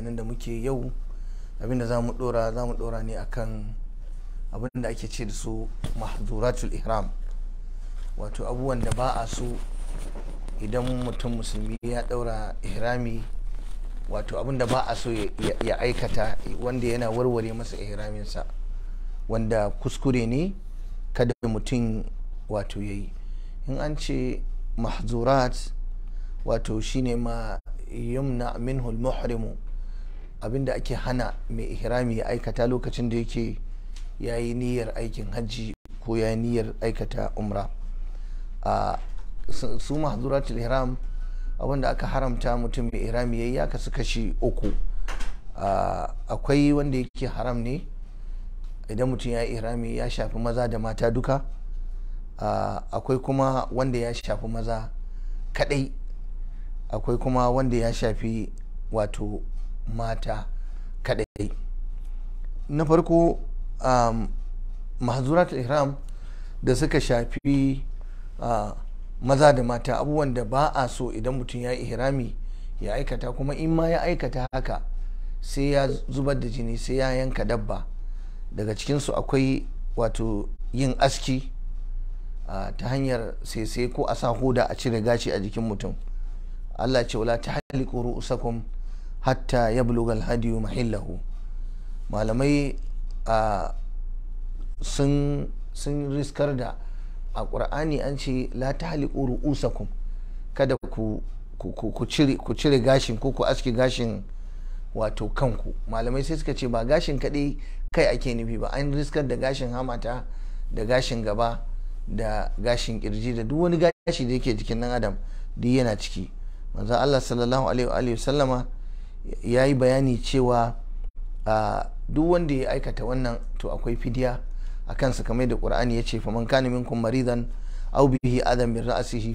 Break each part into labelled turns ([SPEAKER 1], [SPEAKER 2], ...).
[SPEAKER 1] bayanan da muke yau abinda za mu dora za mu dora ne akan abin da ake ce da su mahzuratul ihram wato abubuwan da ba a so idan mutum musulmi ya daura ihrami wato abin da ba a so ya aikata wanda yana warware masa ihraminsa wanda kuskure ne kada mutum wato ya yi in an ce mahzurat wato shine ma yumna minhul muhrimu abinda ake hana mai ihrami ya aikata lokacin da yake ya yi niyyar aikin hajji ko ya yi niyyar aikata umra a su mahzuratul ihram abinda aka haramta mutum mai ihrami ya yi kashi uku akwai wanda yake haram ne idan mutum ya yi ihrami ya shafi maza da mata duka akwai kuma wanda ya shafi maza kadai akwai kuma wanda ya shafi wato mata kadai na farko um, mahazurat ihram da suka shafi uh, maza da mata abubuwan da ba a so idan mutum ya yi ihrami ya aikata kuma in ma ya aikata haka sai ya zubar da jini sai ya yanka dabba daga cikinsu akwai wato yin aski uh, ta hanyar sai ko a sa huda a cire gashi a jikin mutum allah ce wala ta halikuru ru'usakum hatta ya bulugal hadiyu mahillahu malamai sun riskar da a ƙur'ani an ce la ta ru'usakum kada ku cire gashin ko ku aske gashin wato kanku malamai sai suka ce ba gashin kaɗai kai ake nufi ba an riskar da gashin hamata da gashin gaba da gashin kirji da duk wani gashi da yake jikin nan adam duk yana ciki manzo Allah sallallahu alaihi wa sallama ya yi bayani cewa duk wanda ya aikata wannan to akwai fidiya a kansa kamar da ƙur'ani ya ce faman kana minkum maridan aw bihi adam bin ra'sihi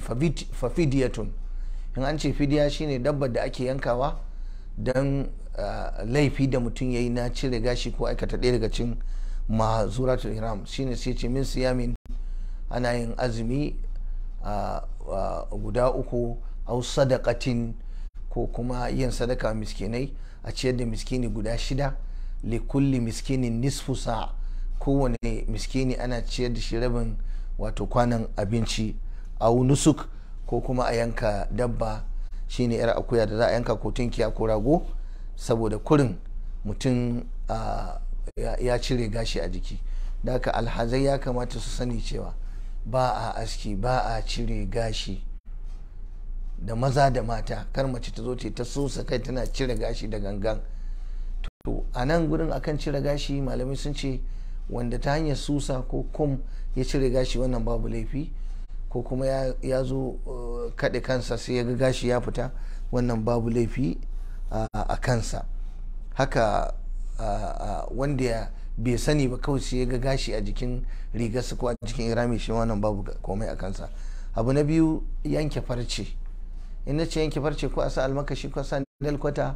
[SPEAKER 1] fa fidyatun in an ce fidiya shine dabbar da ake yankawa don laifi da mutum yayi na cire gashi ko aikata ɗaya daga cikin mazuratul ihram shine sai ce min siyamin ana yin azumi guda uku au sadaqatin ko kuma yin sadaka miskinai a ciyar da miskini guda shida likulli miskini nisfu sa kowane miskini ana ciyar da shi rabin wato kwanan abinci a nusuk ko kuma a yanka dabba shine yar akuya da za a yanka ko tunkiya ko rago saboda kurin mutum ya cire gashi a jiki da haka alhazai ya kamata su sani cewa ba a aski ba a cire gashi da maza da mata kar mace ta zo ce ta sosa kai tana cire gashi da gangan to a nan gurin akan cire gashi malamai sun ce wanda ta hanyar susa ko kum ya cire gashi wannan babu laifi ko kuma ya zo eh, kaɗe kansa sai ya ga gashi ya fita wannan babu laifi a kansa haka wanda bai sani ba kawai sai ya ga gashi a jikin rigarsa ko a jikin irami shi wannan babu komai a kansa abu na biyu yanke farce in na ce yanke farce ko a sa almakashi ko a sa kwata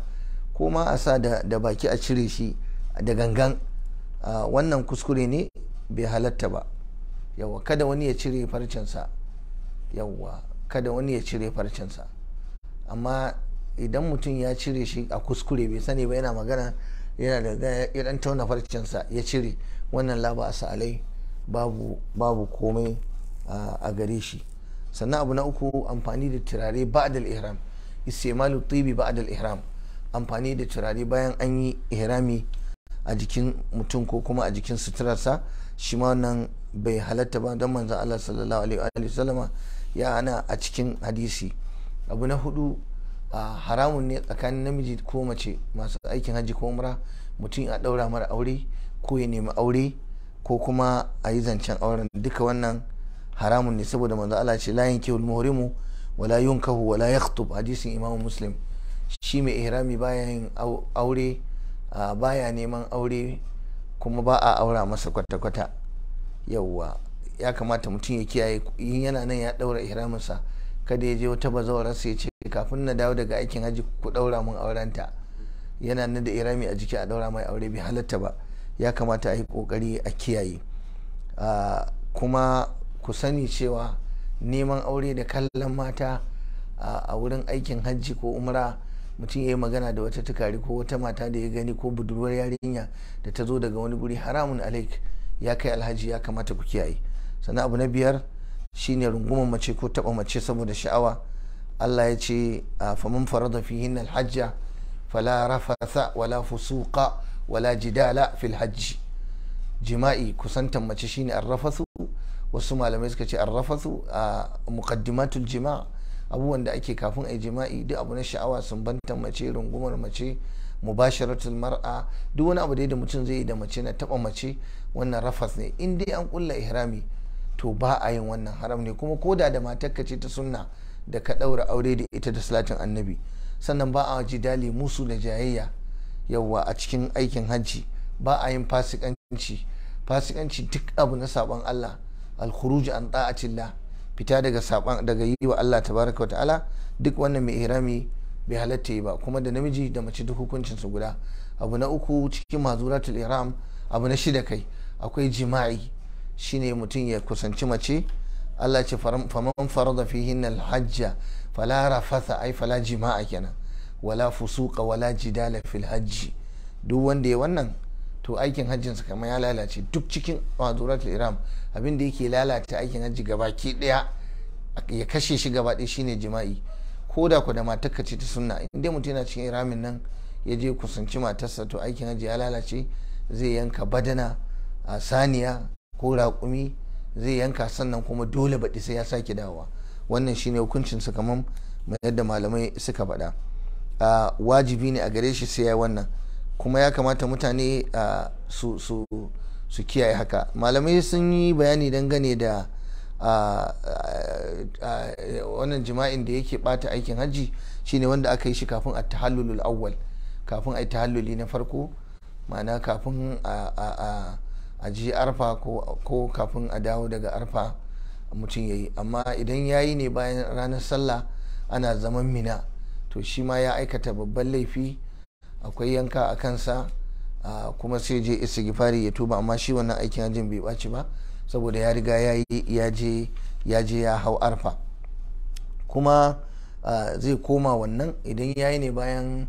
[SPEAKER 1] ko ma a sa da baki a cire shi da gangan wannan kuskure ne bai halatta ba yawa kada wani ya cire farcensa yawa kada wani ya cire farcensa amma idan mutum ya cire shi a kuskure bai sani ba yana magana yana da ya idan tauna farcensa ya cire wannan laba a sa'alai babu komai a gare shi sannan abu na uku amfani da turare ba'dal ihram istimalu tibi ba'dal ihram amfani da turare bayan an yi ihrami a jikin mutum ko kuma a jikin suturarsa shi ma wannan bai halatta ba don manzan Allah sallallahu alaihi wa sallama ya ana a cikin hadisi abu na hudu a haramun ne tsakanin namiji ko mace masu aikin hajji ko umra mutum ya daura mara aure ko ya nemi aure ko kuma a yi zancen auren duka wannan haramun ne saboda manzo Allah ce la yankihul muhrimu wala yunkahu wala yakhtub hadisin imamu muslim shi mai ihrami bayan aure baya neman aure kuma ba a aura masa kwata-kwata yawa ya kamata mutum ya kiyaye in yana nan ya daura ihraminsa kada ya je wata sai ya ce kafin na dawo daga aikin hajji ku daura mun aurenta yana nan da ihrami a jiki a daura mai aure bai halatta ba ya kamata a yi kokari a kiyaye kuma ku sani cewa neman aure da kallon mata a wurin aikin hajji ko umra mutum ya yi magana da wata tukari ko wata mata da ya gani ko budurwar yarinya da ta zo daga wani guri haramun alaik ya kai alhaji ya kamata ku kiyaye sannan abu na biyar shine runguman mace ko taba mace saboda sha'awa Allah ya ce famin farada hajja alhajja fala rafasa wala fusuqa wala jidala fil hajji jima'i kusantan mace shine arrafasu wasu malamai suka ce an arrafathu a mukaddimatul jima' abubuwan da ake kafin a jima'i duk abu na sha'awa sun banta mace rungumar mace mubasharatul mar'a duk wani abu da mutum zai yi da mace na taba mace wannan rafas ne in dai an kulla ihrami to ba a yin wannan haram ne kuma koda da matar ka ce ta sunna da ka daura aure da ita da salatin annabi sannan ba a jidali musu da jayayya yawwa a cikin aikin hajji ba a yin fasikanci fasikanci duk abu na sabon Allah al-khuruj an ta'atillah fita daga saban daga yi wa Allah tabaraka ta'ala duk wannan mai ihrami bai halatta ba kuma da namiji da mace duk hukuncin su guda abu na uku cikin mazuratul ihram abu na shida kai akwai jima'i shine mutum ya kusanci mace Allah ce faman farada fihin hajja fala rafatha ai fala jima'a kenan wala fusuqa wala jidala fil hajji duk wanda ya wannan to aikin hajjin sa kamar ya lalace duk cikin mazurat iram abin da yake lalata aikin hajji gaba ki daya ya kashe shi gaba ɗaya shine jima'i ko da ku da matarka ce ta sunna inda mutum yana cikin iramin nan ya je kusanci matarsa to aikin hajji ya lalace zai yanka badana a saniya ko raƙumi zai yanka sannan kuma dole baɗi sai ya sake dawowa wannan shine hukuncin sa kamar yadda malamai suka faɗa wajibi ne a gare shi sai ya yi wannan kuma ya kamata mutane su kiyaye haka malamai sun yi bayani dangane da wannan jima'in da yake bata aikin hajji shine wanda aka yi shi kafin a tahallulul awwal kafin a yi tahalluli na farko ma'ana kafin a ji arfa ko kafin a dawo daga arfa mutum ya yi amma idan ya yi ne bayan ranar sallah ana zaman mina to shi ma ya aikata babban laifi akwai yanka a kansa kuma sai je istighfari ya tuba amma shi wannan aikin hajjin bai ɓaci ba saboda ya riga ya je ya je ya hau arfa kuma zai koma wannan idan ya yi ne bayan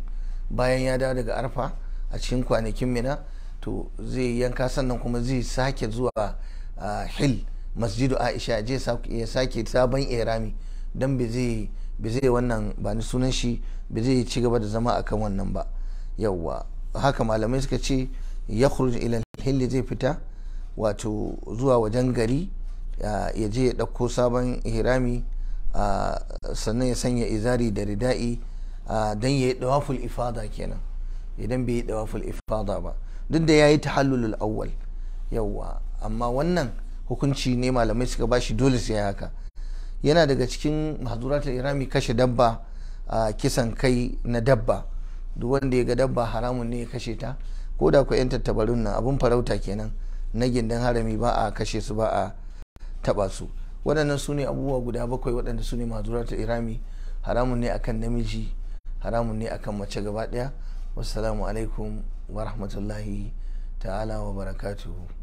[SPEAKER 1] bayan ya dawo daga arfa a cikin kwanakin mina to zai yanka sannan kuma zai sake zuwa hil masjidu aisha je ya sake sabon irami don bai zai wannan ba ni sunan shi bai zai ci gaba da zama akan wannan ba yawwa haka malamai suka ce ya khurji ila hilli zai fita wato zuwa wajen gari ya je ya ɗauko sabon hirami sannan ya sanya izari da rida'i don ya yi dawaful ifada kenan idan bai yi dawaful ifada ba duk da ya yi tahallulul awwal yawwa amma wannan hukunci ne malamai suka bashi dole sai haka yana daga cikin mahaduratul irami kashe dabba kisan kai na dabba duk wanda ya ga dabba haramun ne ya kashe ta ko da ku 'yan tattabarun nan abun farauta kenan na gindin harami ba a kashe su ba a taba su waɗannan su ne abubuwa guda bakwai waɗanda su ne mazuratul irami haramun ne akan namiji haramun ne akan mace gaba ɗaya wassalamu alaikum wa rahmatullahi ta'ala wa barakatuhu